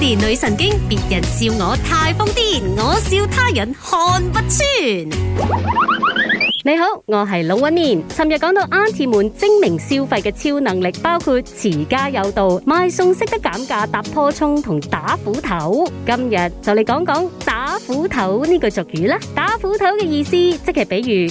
年女神經，別人笑我太瘋癲，我笑他人看不穿。你好，我係老屈年。尋日講到 Auntie 們精明消費嘅超能力，包括持家有道、買餸識得減價、搭棵蔥同打斧頭。今日就嚟講講打斧頭呢句俗語啦。打斧頭嘅意思，即係比喻。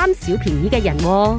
貪小便宜嘅人嗱，哦，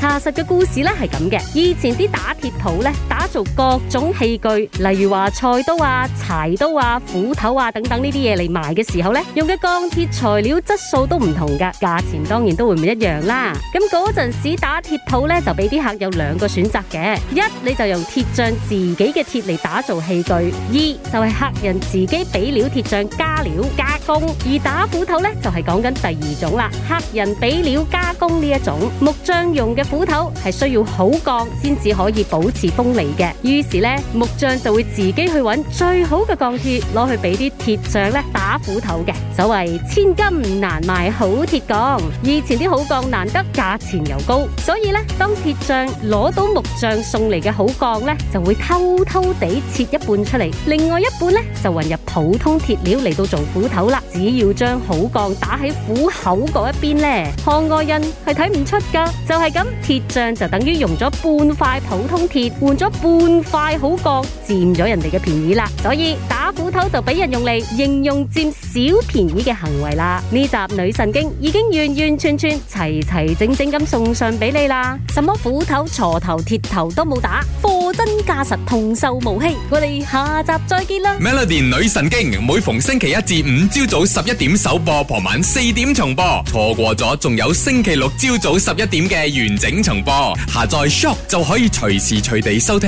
查實嘅故事咧，係咁嘅，以前啲打鐵鋪咧，做各種器具，例如話菜刀啊、柴刀啊、斧頭啊等等呢啲嘢嚟賣嘅時候呢用嘅鋼鐵材料質素都唔同㗎，價錢當然都會唔一樣啦。咁嗰陣時打鐵套呢，就俾啲客人有兩個選擇嘅，一你就用鐵匠自己嘅鐵嚟打造器具，二就係客人自己俾料鐵匠加料加工。而打斧頭呢，就係講緊第二種啦，客人俾料加工呢一種木匠用嘅斧頭係需要好鋼先至可以保持鋒利。嘅，於是呢，木匠就會自己去揾最好嘅鋼鐵攞去俾啲鐵匠咧打斧頭嘅，所謂千金難買好鐵鋼，以前啲好鋼難得，價錢又高，所以呢，當鐵匠攞到木匠送嚟嘅好鋼呢，就會偷偷地切一半出嚟，另外一半呢，就混入普通鐵料嚟到做斧頭啦。只要將好鋼打喺斧口嗰一邊呢，行外人係睇唔出㗎，就係咁，鐵匠就等於用咗半塊普通鐵換咗。半塊好角佔咗人哋嘅便宜啦，所以打斧頭就俾人用嚟形容佔小便宜嘅行為啦。呢集《女神經》已經完完全全、齊齊整整咁送上俾你啦，什麼斧頭、鋤頭、鐵頭都冇打，貨真價實，童叟無欺。我哋下集再見啦，《Melody 女神經》每逢星期一至五朝早十一點首播，傍晚四點重播，錯過咗仲有星期六朝早十一點嘅完整重播，下載 Shock 就可以隨時隨地收聽。